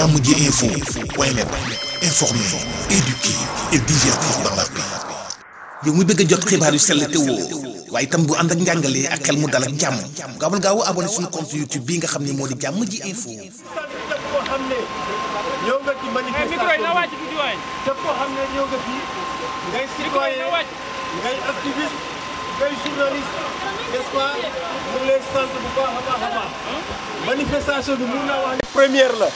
jàmm ji info waaye nag informer, éduquer jot xibaar yu sell te woo waaye itam bu ànd ak njàngalee ak xel mu dal ak jàmm gaawal gaaw abonné suñu compte YouTube bi nga xam ne moo di jàmm ji info. ñëw nga ngay activiste ngay journaliste n'est-ce pas mu bu baax a bi mun naa première la.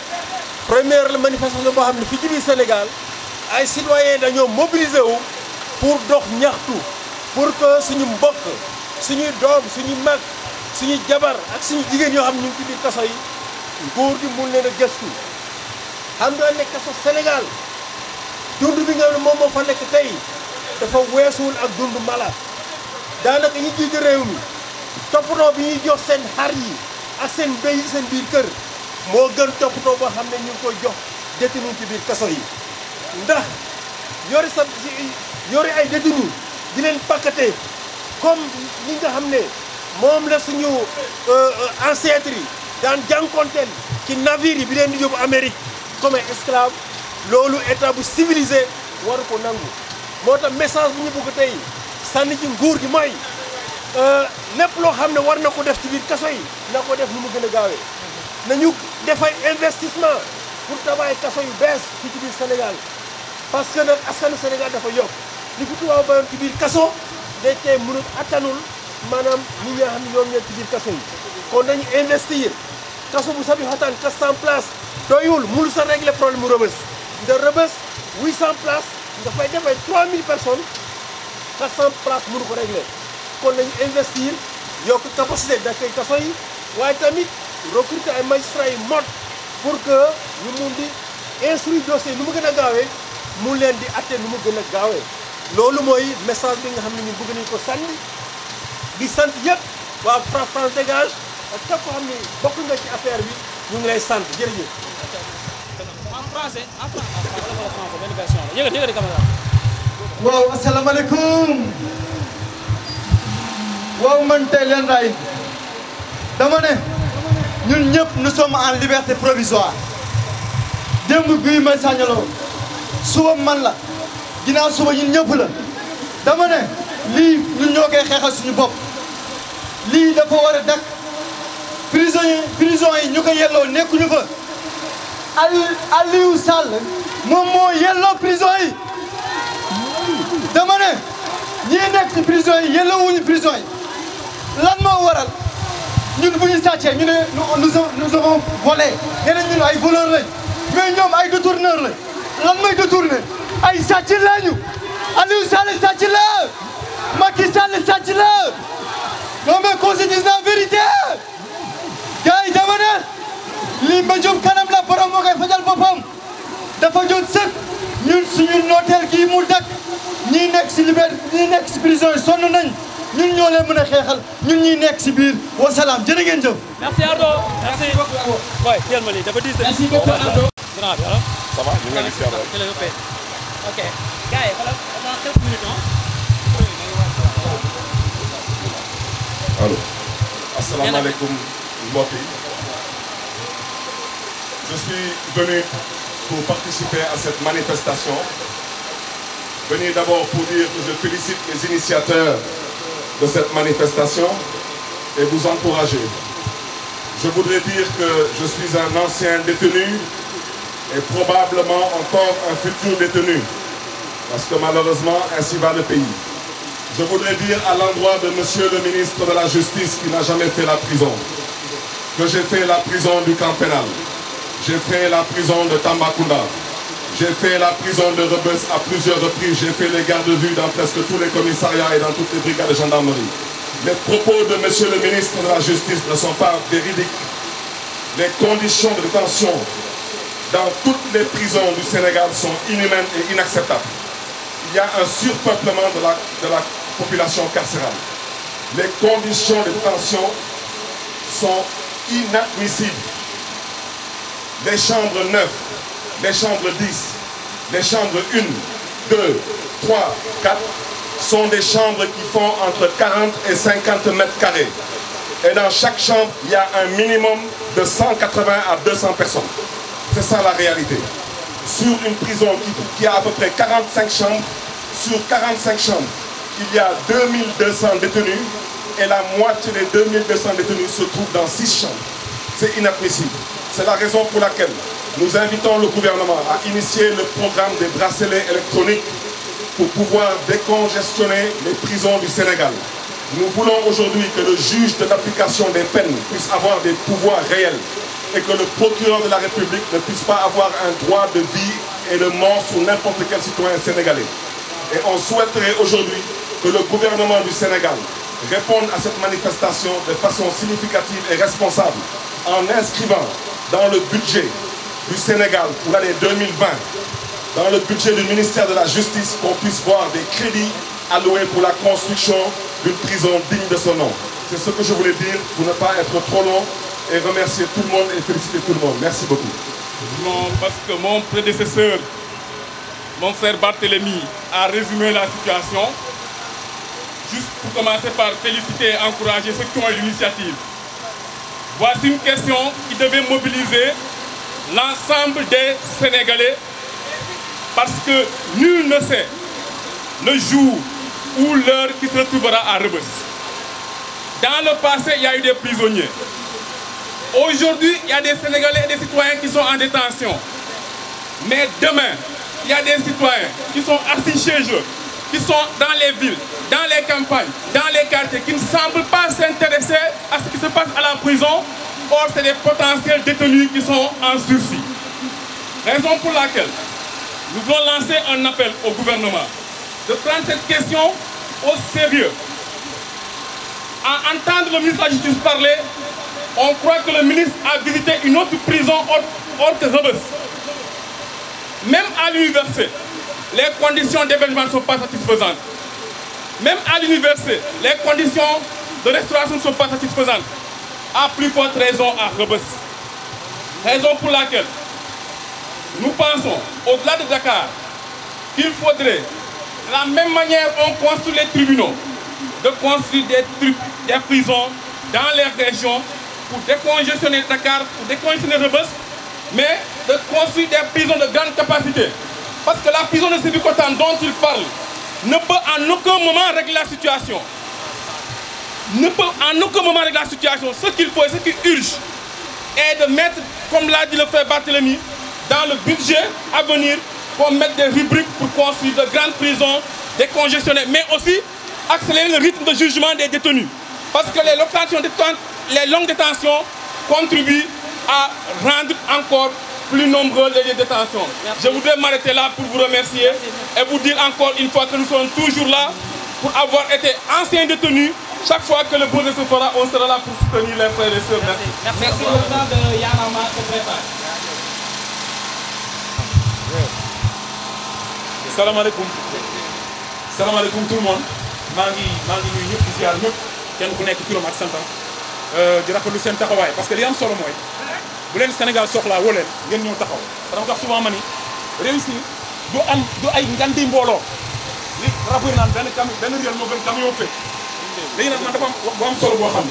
première la manifestation boo xam ne fi ci biir Sénégal ay citoyens dañoo mobiliser wu pour dox ñaxtu pour que suñu mbokk suñuy doom suñu mag suñu jabar ak suñu jigéen yoo xam ne ñu ngi ci biir kaso yi nguur gi mun leen a gëstu xam nga nekk kaso Sénégal dund bi nga ne moom moo fa nekk tey dafa weesuwul ak dund mala daanaka ñi jiite réew mi toppatoo bi ñuy jox seen xar yi ak seen béy yi seen biir kër moo gën toppatoo boo xam ne ñu ngi koy jox détenu ci biir kaso yi ndax yori sa yori ay détenu di leen pakkate comme li nga xam ne moom la suñu euh, ancêtre yi daan jànkonteel ci navire yi bi leen di yóbbu Amérique comme esclave loolu état bu civilisé waru ko nangu moo tax message bu ñu bëgg tey sànni ci nguur gi mooy euh, lépp loo xam ne war na ko def ci biir kaso yi na ko def nu mu gën a gaawee nañu defay investissement pour tabaay kaso yu bees fii ci biir Sénégal parce que nag askanu Sénégal dafa yokk li fi tubaab bayoon ci biir kaso day tey mënul attanul maanaam nit ñi nga xam ne ñoom ñoo ci biir kaso yi kon nañu investir kaso bu sabi xotaan kas san place doyul mënul sa régler problème mu rëbës nda rëbës 800 place nga fay defay 3000 personnes 400 place mënu ko régler kon nañu investir yokk capacité d'accueil kaso yi waaye tamit recruter ay magistrats yi mot pour que ñu mun di instruire dossier nu mu gën a gaawee mu leen di atte nu mu gën a gaawee loolu mooy message bi nga xam ne ñu bëgg nañu ko sànni di sant yëpp waa Fra France dégage ak képp xam ne bokk nga ci affaire bi ñu ngi lay sant jërëjëf. en français en français waaw asalaamaaleykum leen raay dama ne. ñun ñëpp nous sommes en liberté provisoire démb Guy Marius Sagna suba man la ginnaaw suba ñun ñëpp dama ne lii nu ñoo koy xeexal suñu bopp lii dafa war a dakk prison yi yi ñu ko yelloo nekkuñu fa Aliou sal moom moo yelloo prison yi dama ne ñii nekk ci prison yi yelloowuñu prison yi lan moo waral ñun bu ñu sàccee ñu ne nous nous avons volé nee nañ ñun ay voleur lañ mais ñoom ay détourneur lañ lan mooy détourné ay sàcc lañu Aliou Sall sàcc la Macky Sall sàcc la non mais qu'on se dise la vérité gars yi dama ne lii la borom moo koy fajal boppam dafa jot sëkk ñun suñu nooteel gii mu dakk ñii nekk si liberté ñii nekk si prison nañ ñun ñoo leen mën a xeexal ñun ñuy nekk si biir wasalaam jërë ngeen jëf. merci Ardo merci beaucoup. waay jël ma lii dafa diis. merci beaucoup Ardo. grand bi alors. ça va ñu ngi lay gis ok gars yi alors dans quelques minutes allo. asalaamaaleykum mbokk yi. je suis venu pour participer à cette manifestation. venu d'abord pour dire que je félicite les initiateurs de cette manifestation et vous encourager. Je voudrais dire que je suis un ancien détenu et probablement encore un futur détenu, parce que malheureusement, ainsi va le pays. Je voudrais dire à l'endroit de Monsieur le ministre de la Justice qui n'a jamais fait la prison, que j'ai fait la prison du camp pénal, j'ai fait la prison de Tambacounda, J'ai fait la prison de Rebus à plusieurs reprises. J'ai fait les gardes-vues dans presque tous les commissariats et dans toutes les brigades de gendarmerie. Les propos de monsieur le ministre de la Justice ne sont pas véridiques. Les conditions de détention dans toutes les prisons du Sénégal sont inhumaines et inacceptables. Il y a un surpeuplement de la, de la population carcérale. Les conditions de détention sont inadmissibles. Les chambres neuves des chambres 10, des chambres 1, 2, 3, des chambres qui font entre 40 et 50 mètres carrés. Et dans chaque chambre, il y a un minimum de 180 à 200 personnes. C'est ça la réalité. Sur une prison qui, qui, a à peu près 45 chambres, sur 45 chambres, il y a 2200 détenus et la moitié des 2200 détenus se trouvent dans 6 chambres. C'est inadmissible. C'est la raison pour laquelle Nous invitons le gouvernement à initier le programme des bracelets électroniques pour pouvoir décongestionner les prisons du Sénégal. Nous voulons aujourd'hui que le juge de l'application des peines puisse avoir des pouvoirs réels et que le procureur de la République ne puisse pas avoir un droit de vie et de mort sur n'importe quel citoyen sénégalais. Et on souhaiterait aujourd'hui que le gouvernement du Sénégal réponde à cette manifestation de façon responsable en inscrivant dans le budget du Sénégal pour l'année 2020 dans le budget du ministère de la Justice qu'on puisse voir des crédits alloués pour la construction d'une prison digne de son nom. C'est ce que je voulais dire pour ne pas être trop long et remercier tout le monde et féliciter tout le monde. Merci beaucoup. parce que mon prédécesseur, mon frère Barthélémy, a résumé la situation. Juste pour commencer par féliciter et encourager ceux qui ont eu l'initiative. Voici une question qui devait l'ensemble des Sénégalais parce que nul ne sait le jour ou l'heure qui se retrouvera à Rebeuss. Dans le passé, il y a eu des prisonniers. Aujourd'hui, il y a des Sénégalais et des citoyens qui sont en détention. Mais demain, il y a des citoyens qui sont assis chez eux, qui sont dans les villes, dans les campagnes, dans les quartiers, qui ne semblent pas s'intéresser à ce qui se passe à la prison or c'est des potentiels détenus qui sont en sursis. Raison pour laquelle nous voulons lancer un appel au gouvernement de prendre cette au sérieux. À entendre le ministre de Justice parler, on croit que le ministre a visité une autre prison hors que Rebus. Même à l'université, les conditions d'hébergement ne sont pas satisfaisantes. Même à l'université, les conditions de restauration ne sont pas satisfaisantes. à plus forte raison à Rebeuss. Raison pour laquelle nous pensons, au-delà de Dakar, qu'il faudrait, de la même manière qu'on construit les tribunaux, de construire des, trucs, des prisons dans les régions pour décongestionner Dakar, pour décongestionner Rebeuss, mais de construire des prisons de grande capacité. Parce que la prison de Sébikotan dont il parle ne peut en aucun moment régler la situation. ne peut en aucun moment régler la situation. Ce qu'il faut et ce qui urge est de mettre, comme l'a dit le frère Barthélemy, dans le budget à venir, qu'on mette des rubriques pour construire de grandes prisons, des congestionnaires, mais aussi accélérer le rythme de jugement des détenus. Parce que les, locations les longues détentions contribuent à rendre encore plus nombreux les lieux de détention. Je voudrais m'arrêter là pour vous remercier et vous dire encore une fois que nous sommes toujours là pour avoir été anciens Chaque fois que le bonheur se fera, on sera là pour soutenir les frères et les sœurs. Merci. Merci, Merci le temps de Yanama se prépare. salaamaaleykum. salaamaaleykum tout le monde. maa ngi maa ngi nuyu ñëpp di ziar ñëpp kenn ku nekk turam ak santam euh, di rafetlu seen taxawaay parce que li am solo mooy bu leen Sénégal soxla woo leen ngeen ñëw taxaw dama tax ma ni réussir du ay ngandi mbooloo li rappeur benn camion moo gën camion fee léegi nag man dafa am bu am solo boo xam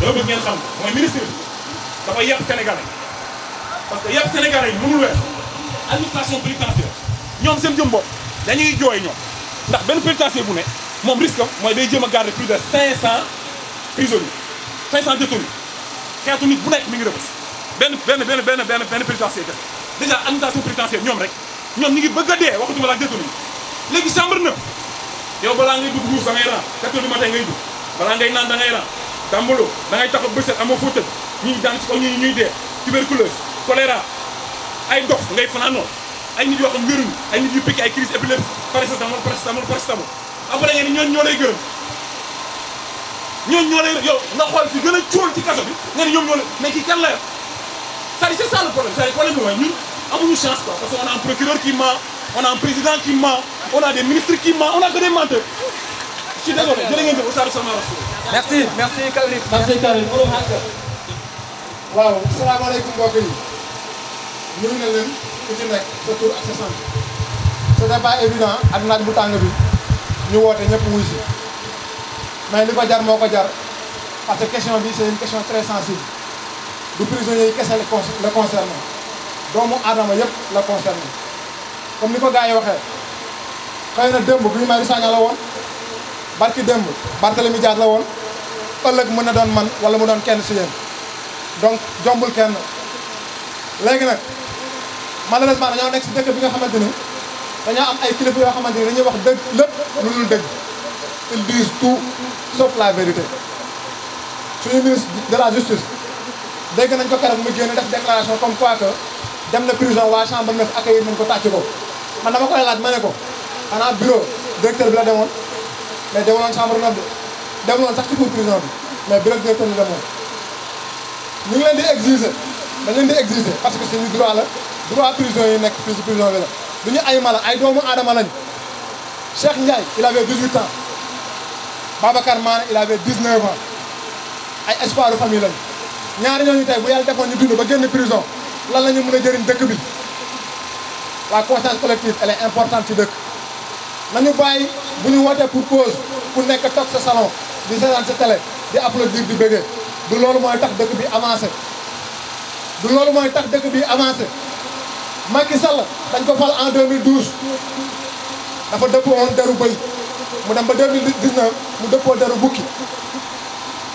ne bëgg ngeen xam mooy ministre bi dafa yàpp sénégalais parce que yàpp sénégalais yi mënul wees administration pénitentiaire ñoom seen jëm bopp dañuy jooy ñoom ndax benn pénitentiaire bu ne moom risque am mooy day jëm a garder plus de 500 prisonniers 500 détenus xeetu nit bu nekk mi ngi rëbës benn benn benn benn benn benn pénitentiaire def déjà administration pénitentiaire ñoom rek ñoom ñu ngi bëgg a dee waxatuma la ak détenus léegi chambre neuf yow balaa ngay dugg duus da ngay ran 4 du matin ngay dugg balaa ngay naan da ngay ran dambalo da ngay taxaw bëccëg amoo fóotal ñi daan ci kaw ñuy dee tuberculose choléra ay dof ngay fanaanoon ay nit yoo xam wéruñu ay nit yu piqué ay crise épilepsie paracétamol paracétamol paracétamol après ngeen ñoon ñoo lay gërëm ñoon ñoo nga xool fi gën a cóol ci kaso bi nga ne ñoom ñoo lay mais kii kan la yor c'est ça le problème c'est problème bi mooy ñun amuñu chance quoi parce que on a un procureur qui on a un président qui ment on a des si qui mentent on a que des menteurs. je suis désolé jërë ngeen jëf Oustaz Ousmane Rassoul. merci merci Kaolack. merci yi. ñu ngi leen ku nekk sa ak sa sant. ce n'est pas évident ak naaj bu tàng bi ñu woote ñëpp wuy si mais li ko jar moo ko jar parce que question bi c'est une question très sensible du prisonnier yi kese la concerné doomu aadama yëpp la concerné. comme ni ko gars yi waxee xëy na démb Guy Marius Sagna la woon barki démb Barthélemy Dias la woon ëllëg mën na doon man wala mu doon kenn si yéen donc jombul kenn léegi nag malheureusement dañoo nekk si dëkk bi nga xamante ni dañoo am ay kilifa yoo xamante ni dañuy wax dëgg lépp lu dul dëgg ils disent tout sauf la vérité suñu ministre de la justice dégg nañ ko keroog mu génn def déclaration comme quoi que dem na prison waa chambre neuf accueillir nañ ko tàcc ko man dama koy laaj ma ne ko xanaa bureau directeur bi la demoon mais demoon chambre noire de demoon sax ci cour prison bi mais bureau directeur bi demoon. ñu ngi leen di exiger dañ leen di exiger parce que suñu droit la droit prison yi nekk fii si prison bi la du ñu ay mala ay doomu aadama lañ Cheikh Ndiaye il avait 18 ans Babacar Mané il avait 19 ans ay espoir de famille lañu ñaari ñooñu tey bu yàlla defoon ñu dund ba génn prison lan la ñu mën jëriñ dëkk bi. la conscience collective elle important importante ci dëkk nañu bàyyi bu ñu wootee pour cause ku nekk toog sa salon di seetaan sa télé di applaudir di bëggee du loolu mooy tax dëkk bi avancé du loolu mooy tax dëkk bi avancé Macky Sall dañ ko fal en 2012 dafa dëppoon deru bëy mu dem ba 2019 mu dëppoo deru bukki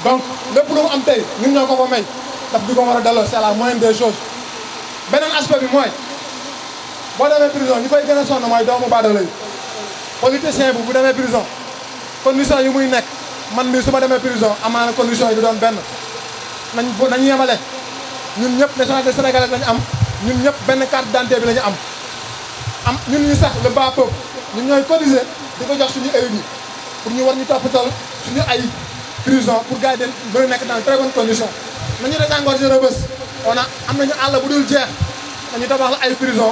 donc lépp lu mu am tey ñun ñoo ko ko may daf di ko war a delloo c'est la moindre des choses beneen aspect bi mooy boo demee prison ñu fay gën a sonn mooy doomu baadoola yi politicien bu bu demee prison condition yi muy nekk man mii su ma demee prison amaana condition yi du doon benn nañ nañu yemale ñun ñëpp nationalité sénégalaise lañu am ñun ñëpp benn carte d'identité bi la ñu am am ñun ñu sax le bas peuple ñun ñooy cotiser di ko jox suñu ayib yi pour ñu war ñu toppatoo suñu ay prison pour gars yi den mën a nekk dans très bonne condition nañu désengorger Rebeuss on a am nañu àll bu dul jeex nañu tabax la ay prison